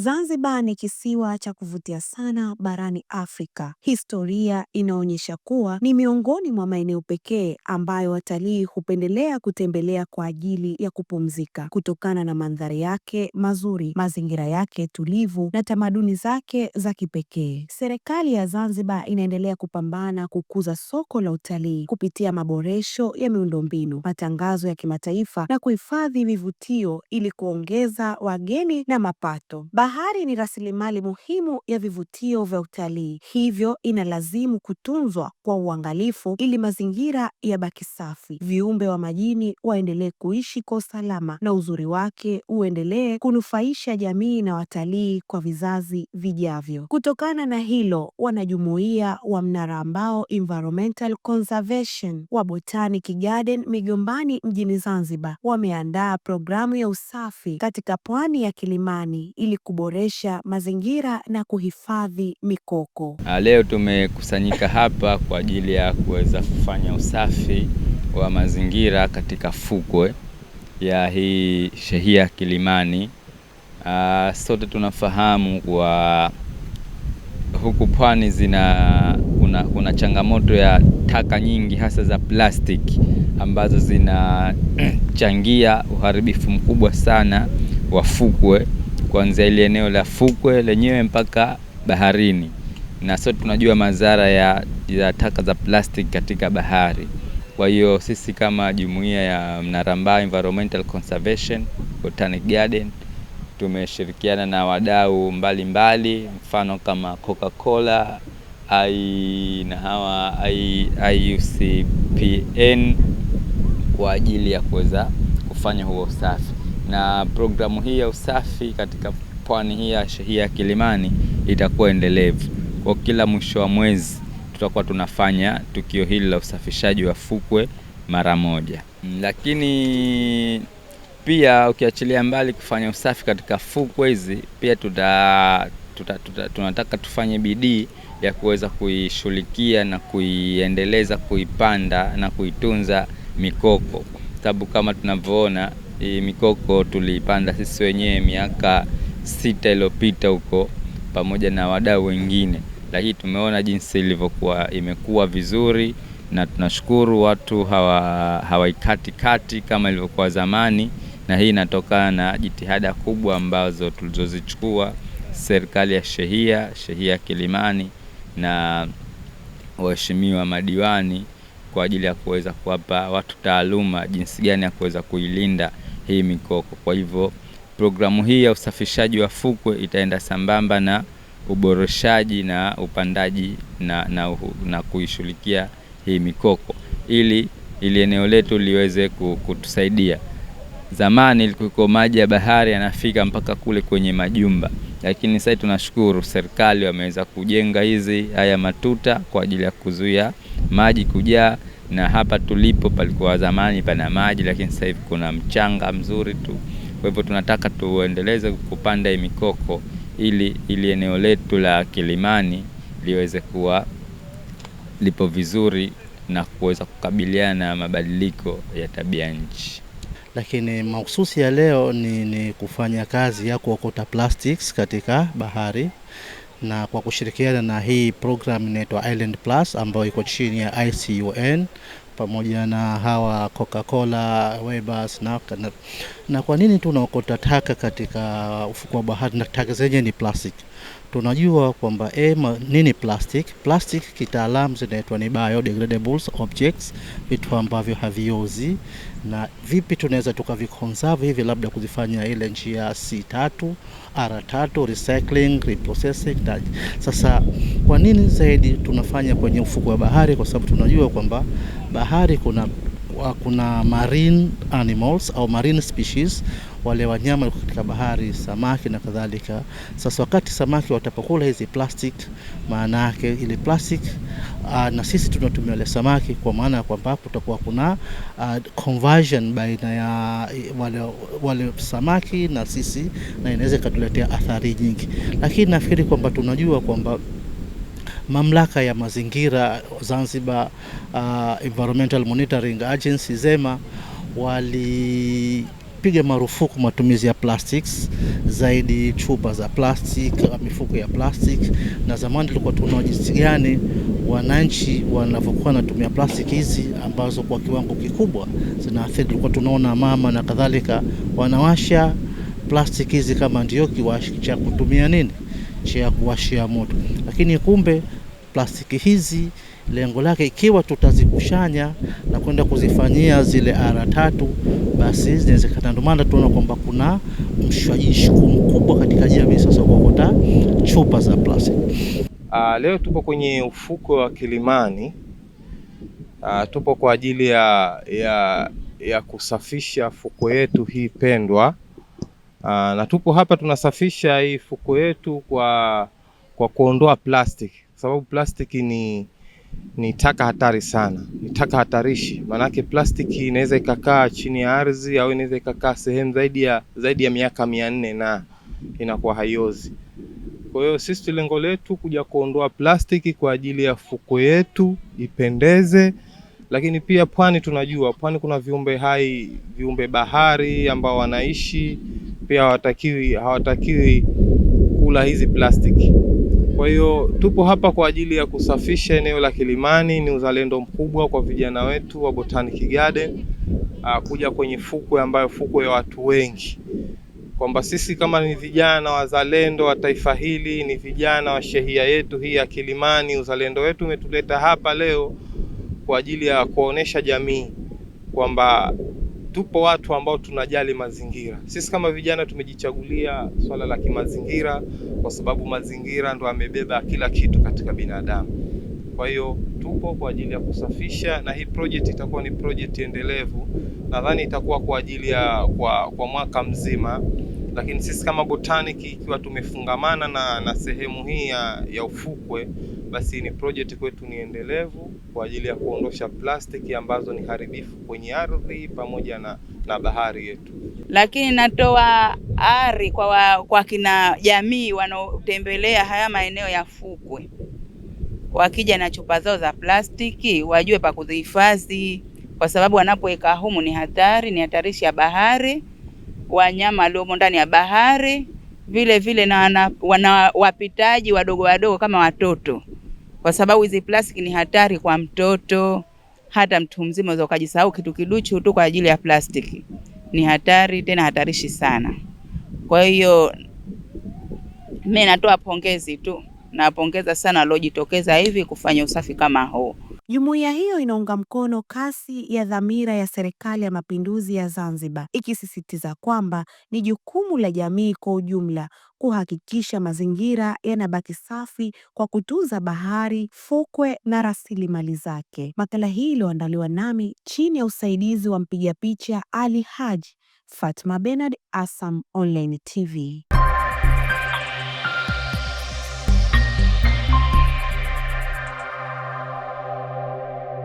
Zanzibar ni kisiwa cha kuvutia sana barani Afrika. Historia inaonyesha kuwa ni miongoni mwa maeneo pekee ambayo watalii hupendelea kutembelea kwa ajili ya kupumzika kutokana na mandhari yake mazuri, mazingira yake tulivu na tamaduni zake za kipekee. Serikali ya Zanzibar inaendelea kupambana kukuza soko la utalii kupitia maboresho ya miundombinu, matangazo ya kimataifa na kuhifadhi vivutio ili kuongeza wageni na mapato. Bahari ni rasilimali muhimu ya vivutio vya utalii, hivyo inalazimu kutunzwa kwa uangalifu ili mazingira yabaki safi, viumbe wa majini waendelee kuishi kwa usalama na uzuri wake uendelee kunufaisha jamii na watalii kwa vizazi vijavyo. Kutokana na hilo, wanajumuia wa Mnara Ambao Environmental Conservation wa Botanic Garden Migombani mjini Zanzibar wameandaa programu ya usafi katika pwani ya Kilimani ili kuboresha mazingira na kuhifadhi mikoko. Ah, leo tumekusanyika hapa kwa ajili ya kuweza kufanya usafi wa mazingira katika fukwe ya hii shehia Kilimani. Aa, ah, sote tunafahamu kwa huku pwani zina kuna, kuna changamoto ya taka nyingi hasa za plastiki ambazo zinachangia uharibifu mkubwa sana wa fukwe kuanzia ile eneo la fukwe lenyewe mpaka baharini, na sote tunajua madhara ya, ya taka za plastiki katika bahari. Kwa hiyo sisi kama jumuiya ya Mnarambaa Environmental Conservation Botanic Garden tumeshirikiana na wadau mbalimbali, mfano kama Coca-Cola ai na hawa IUCPN kwa ajili ya kuweza kufanya huo usafi na programu hii ya usafi katika pwani hii ya ya Kilimani itakuwa endelevu. Kwa kila mwisho wa mwezi tutakuwa tunafanya tukio hili la usafishaji wa fukwe mara moja. Lakini pia ukiachilia mbali kufanya usafi katika fukwe hizi, pia tuta, tuta, tuta, tunataka tufanye bidii ya kuweza kuishughulikia na kuiendeleza, kuipanda na kuitunza mikoko, sababu kama tunavyoona hii mikoko tuliipanda sisi wenyewe miaka sita iliyopita huko pamoja na wadau wengine, lakini tumeona jinsi ilivyokuwa imekuwa vizuri, na tunashukuru watu hawaikatikati kati kama ilivyokuwa zamani, na hii inatokana na jitihada kubwa ambazo tulizozichukua serikali ya shehia shehia Kilimani na waheshimiwa madiwani kwa ajili ya kuweza kuwapa watu taaluma jinsi gani ya kuweza kuilinda hii mikoko. Kwa hivyo programu hii ya usafishaji wa fukwe itaenda sambamba na uboreshaji na upandaji na, na, na kuishughulikia hii mikoko ili ili eneo letu liweze kutusaidia. Zamani ilikuwa maji ya bahari yanafika mpaka kule kwenye majumba, lakini sasa tunashukuru serikali wameweza kujenga hizi haya matuta kwa ajili ya kuzuia maji kujaa, na hapa tulipo palikuwa zamani pana maji, lakini sasa hivi kuna mchanga mzuri tu. Kwa hivyo tunataka tuendeleze kupanda mikoko ili ili eneo letu la Kilimani liweze kuwa lipo vizuri na kuweza kukabiliana na mabadiliko ya tabia nchi. Lakini mahususi ya leo ni, ni kufanya kazi ya kuokota plastics katika bahari na kwa kushirikiana na hii program inaitwa Island Plus ambayo iko chini ya ICUN pamoja na hawa Coca-Cola, Webers na, na, na kwa nini tunaokota taka katika ufuko wa bahari na taka zenyewe ni plastic tunajua kwamba eh, m nini plastic. Plastic kitaalamu zinaitwa ni biodegradable objects, vitu ambavyo haviozi, na vipi tunaweza tukavikonserve hivi, labda kuzifanya ile njia C3 R3, recycling, reprocessing. Sasa kwa nini zaidi tunafanya kwenye ufuko wa bahari? Kwa sababu tunajua kwamba bahari kuna kuna marine animals au marine species wale wanyama katika bahari, samaki na kadhalika. Sasa wakati samaki watapokula hizi plastic, maana yake ile plastic uh, na sisi tunatumia wale samaki, kwa maana ya kwamba kutakuwa kuna uh, conversion baina ya eh, wale, wale samaki na sisi, na inaweza ikatuletea athari nyingi, lakini nafikiri kwamba tunajua kwamba mamlaka ya mazingira Zanzibar, uh, Environmental Monitoring Agency ZEMA wali kupiga marufuku matumizi ya plastics zaidi, chupa za plastic, mifuko ya plastic. Na zamani tulikuwa tunaona jinsi gani wananchi wanavyokuwa wanatumia plastic hizi ambazo kwa kiwango kikubwa zinaathiri. Tulikuwa tunaona mama na kadhalika wanawasha plastic hizi kama ndio kiwashi cha kutumia nini cha kuwashia moto, lakini kumbe plastiki hizi lengo lake ikiwa tutazikushanya na kwenda kuzifanyia zile ara tatu, basi zinawezekana. Ndio maana tunaona kwamba kuna mshajishuku mkubwa katika jamii sasa kuokota chupa za plastiki. Uh, ah, leo tupo kwenye ufuko wa Kilimani. Uh, tupo kwa ajili ya, ya, ya kusafisha fuko yetu hii pendwa. Uh, na tupo hapa tunasafisha hii fuko yetu kwa, kwa kuondoa plastiki, kwa sababu plastiki ni ni taka hatari sana, ni taka hatarishi, maanake plastiki inaweza ikakaa chini ya ardhi au inaweza ikakaa sehemu zaidi ya zaidi ya miaka mia nne na inakuwa haiozi. Kwa hiyo sisi lengo letu kuja kuondoa plastiki kwa ajili ya fuko yetu ipendeze, lakini pia pwani, tunajua pwani kuna viumbe hai, viumbe bahari ambao wanaishi pia, hawatakiwi hawatakiwi kula hizi plastiki. Kwa hiyo tupo hapa kwa ajili ya kusafisha eneo la Kilimani. Ni uzalendo mkubwa kwa vijana wetu wa Botanic Garden uh, kuja kwenye fukwe ambayo fukwe ya watu wengi, kwamba sisi kama ni vijana wazalendo wa taifa hili, ni vijana wa shehia yetu hii ya Kilimani, uzalendo wetu umetuleta hapa leo kwa ajili ya kuonesha jamii kwamba tupo watu ambao tunajali mazingira. Sisi kama vijana tumejichagulia swala la kimazingira, kwa sababu mazingira ndo amebeba kila kitu katika binadamu. Kwa hiyo tupo kwa ajili ya kusafisha, na hii project itakuwa ni project endelevu. Nadhani itakuwa kwa ajili ya kwa, kwa mwaka mzima lakini sisi kama Botaniki ikiwa tumefungamana na, na sehemu hii ya, ya ufukwe basi ni project kwetu ni endelevu kwa ajili ya kuondosha plastiki ambazo ni haribifu kwenye ardhi pamoja na, na bahari yetu. Lakini natoa ari kwa, wa, kwa kina jamii wanaotembelea haya maeneo ya fukwe, wakija na chupa zao za plastiki wajue pa kuzihifadhi, kwa sababu wanapoweka humu ni hatari, ni hatarishi ya bahari wanyama waliomo ndani ya bahari, vile vile na wana wapitaji wadogo wadogo kama watoto, kwa sababu hizi plastiki ni hatari kwa mtoto, hata mtu mzima unaweza ukajisahau kitu kiduchu tu kwa ajili ya plastiki. Ni hatari tena hatarishi sana. Kwa hiyo mimi natoa pongezi tu Nawapongeza sana aliojitokeza hivi kufanya usafi kama huu. Jumuiya hiyo inaunga mkono kasi ya dhamira ya Serikali ya Mapinduzi ya Zanzibar, ikisisitiza kwamba ni jukumu la jamii kwa ujumla kuhakikisha mazingira yanabaki safi kwa kutunza bahari, fukwe na rasilimali zake. Makala hii iliyoandaliwa nami chini ya usaidizi wa mpiga picha Ali Haji, Fatma Bernard, ASAM Online TV.